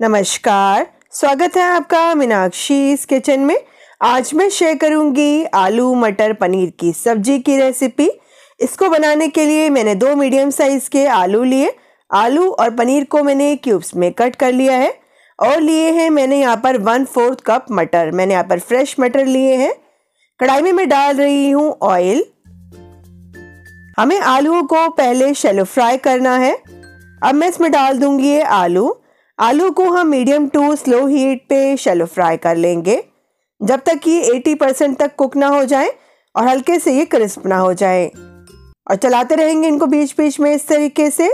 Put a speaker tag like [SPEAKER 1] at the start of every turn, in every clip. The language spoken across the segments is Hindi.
[SPEAKER 1] नमस्कार स्वागत है आपका मीनाक्षी इस किचन में आज मैं शेयर करूंगी आलू मटर पनीर की सब्जी की रेसिपी इसको बनाने के लिए मैंने दो मीडियम साइज़ के आलू लिए आलू और पनीर को मैंने क्यूब्स में कट कर लिया है और लिए हैं मैंने यहाँ पर वन फोर्थ कप मटर मैंने यहाँ पर फ्रेश मटर लिए हैं कढ़ाई में मैं डाल रही हूँ ऑयल हमें आलूओं को पहले शेलो फ्राई करना है अब मैं इसमें डाल दूंगी ये आलू आलू को हम मीडियम टू स्लो हीट पे शेलो फ्राई कर लेंगे जब तक ये 80 परसेंट तक कुक ना हो जाए और हल्के से ये क्रिस्प ना हो जाए और चलाते रहेंगे इनको बीच बीच में इस तरीके से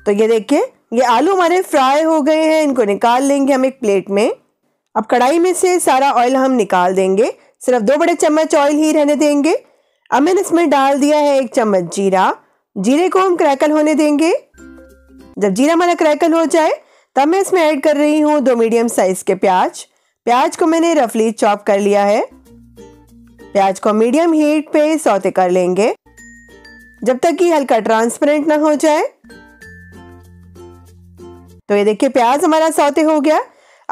[SPEAKER 1] तो ये देखिए ये आलू हमारे फ्राई हो गए हैं इनको निकाल लेंगे हम एक प्लेट में अब कढ़ाई में से सारा ऑयल हम निकाल देंगे सिर्फ दो बड़े चम्मच ऑयल ही रहने देंगे अब मैंने इसमें डाल दिया है एक चम्मच जीरा जीरे को हम क्रैकल होने देंगे जब जीरा हमारा क्रैकल हो जाए तब मैं इसमें ऐड कर रही हूँ दो मीडियम साइज़ के प्याज प्याज को मैंने रफली चॉप कर लिया है प्याज को मीडियम हीट पे सौते कर लेंगे जब तक कि हल्का ट्रांसपेरेंट ना हो जाए तो ये देखिए प्याज हमारा सौते हो गया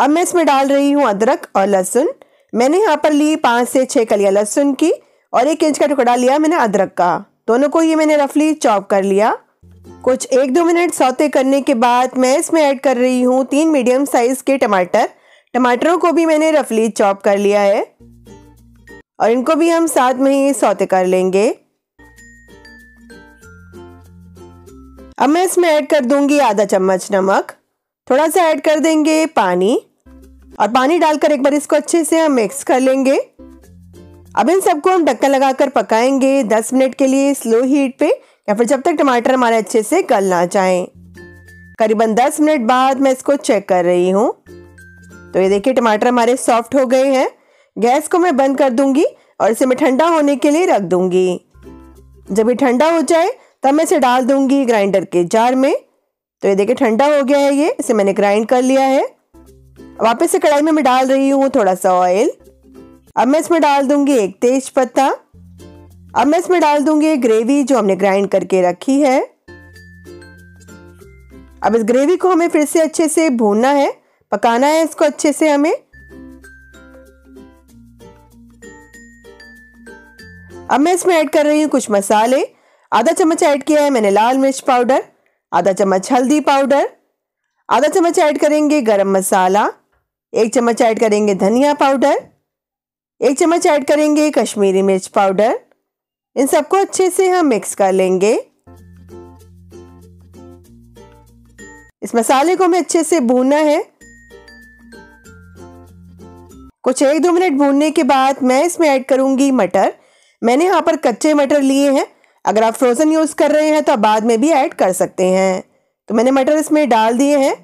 [SPEAKER 1] अब मैं इसमें डाल रही हूँ अदरक और लहसुन मैंने यहाँ पर ली पांच से छह कलिया लहसुन की और एक इंच का टुकड़ा लिया मैंने अदरक का दोनों को ये मैंने रफली चॉप कर लिया कुछ एक दो मिनट सौते करने के बाद मैं इसमें ऐड कर रही हूँ तीन मीडियम साइज़ के टमाटर टमाटरों को भी मैंने रफली चॉप कर लिया है और इनको भी हम साथ में ही सौते कर लेंगे अब मैं इसमें ऐड कर दूंगी आधा चम्मच नमक थोड़ा सा ऐड कर देंगे पानी और पानी डालकर एक बार इसको अच्छे से हम मिक्स कर लेंगे अब इन सबको हम ढक्कन लगाकर पकाएंगे 10 मिनट के लिए स्लो हीट पे या फिर जब तक टमाटर हमारे अच्छे से गल ना जाए करीबन 10 मिनट बाद मैं इसको चेक कर रही हूँ तो ये देखिए टमाटर हमारे सॉफ्ट हो गए हैं गैस को मैं बंद कर दूंगी और इसे मैं ठंडा होने के लिए रख दूंगी जब ये ठंडा हो जाए तब मैं इसे डाल दूंगी ग्राइंडर के जार में तो ये देखिए ठंडा हो गया है ये इसे मैंने ग्राइंड कर लिया है वापस से कढ़ाई में मैं डाल रही हूँ थोड़ा सा ऑयल अब मैं इसमें डाल दूंगी एक तेज पत्ता अब मैं इसमें डाल दूंगी ग्रेवी जो हमने ग्राइंड करके रखी है अब इस ग्रेवी को हमें फिर से अच्छे से भूनना है पकाना है इसको अच्छे से हमें अब मैं इसमें ऐड कर रही हूँ कुछ मसाले आधा चम्मच ऐड किया है मैंने लाल मिर्च पाउडर आधा चम्मच हल्दी पाउडर आधा चम्मच ऐड करेंगे गरम मसाला एक चम्मच ऐड करेंगे धनिया पाउडर एक चम्मच ऐड करेंगे कश्मीरी मिर्च पाउडर इन सबको अच्छे से हम मिक्स कर लेंगे इस मसाले को हमें अच्छे से भूनना है कुछ एक दो मिनट भूनने के बाद मैं इसमें ऐड करूंगी मटर मैंने यहाँ पर कच्चे मटर लिए हैं अगर आप फ्रोज़न यूज़ कर रहे हैं तो आप बाद में भी ऐड कर सकते हैं तो मैंने मटर इसमें डाल दिए हैं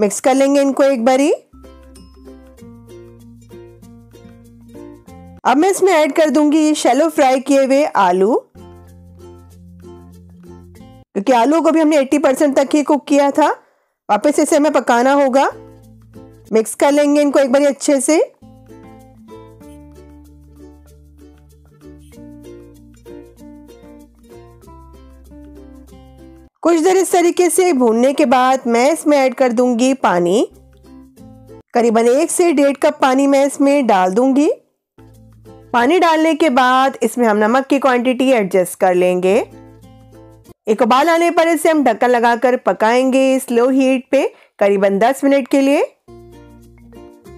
[SPEAKER 1] मिक्स कर लेंगे इनको एक बारी अब मैं इसमें ऐड कर दूंगी शेलो फ्राई किए हुए आलू क्योंकि आलू को भी हमने 80 परसेंट तक ही कुक किया था वापस इसे हमें पकाना होगा मिक्स कर लेंगे इनको एक बार अच्छे से कुछ देर इस तरीके से भूनने के बाद मैं इसमें ऐड कर दूंगी पानी करीबन एक से डेढ़ कप पानी मैं इसमें डाल दूंगी पानी डालने के बाद इसमें हम नमक की क्वांटिटी एडजस्ट कर लेंगे एक उबाल आने पर इसे हम ढक्कन लगाकर पकाएंगे स्लो हीट पे करीबन 10 मिनट के लिए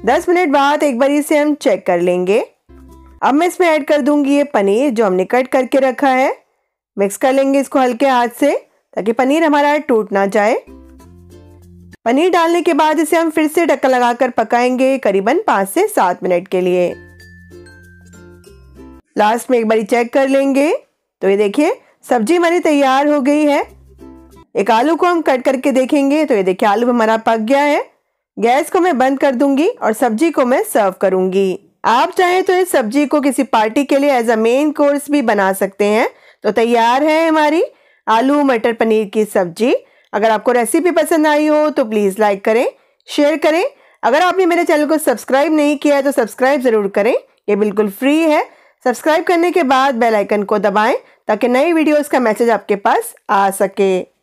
[SPEAKER 1] 10 मिनट बाद एक बार इसे हम चेक कर लेंगे अब मैं इसमें ऐड कर दूंगी ये पनीर जो हमने कट करके रखा है मिक्स कर लेंगे इसको हल्के हाथ से ताकि पनीर हमारा टूट ना जाए पनीर डालने के बाद इसे हम फिर से ढक्कन लगाकर पकाएंगे करीबन पाँच से सात मिनट के लिए लास्ट में एक बारी चेक कर लेंगे तो ये देखिए सब्जी हमारी तैयार हो गई है एक आलू को हम कट करके देखेंगे तो ये देखिए आलू हमारा पक गया है गैस को मैं बंद कर दूंगी और सब्जी को मैं सर्व करूंगी आप चाहें तो इस सब्जी को किसी पार्टी के लिए एज अ मेन कोर्स भी बना सकते हैं तो तैयार है हमारी आलू मटर पनीर की सब्जी अगर आपको रेसिपी पसंद आई हो तो प्लीज़ लाइक करें शेयर करें अगर आपने मेरे चैनल को सब्सक्राइब नहीं किया है तो सब्सक्राइब ज़रूर करें ये बिल्कुल फ्री है सब्सक्राइब करने के बाद बेल आइकन को दबाएं ताकि नए वीडियोस का मैसेज आपके पास आ सके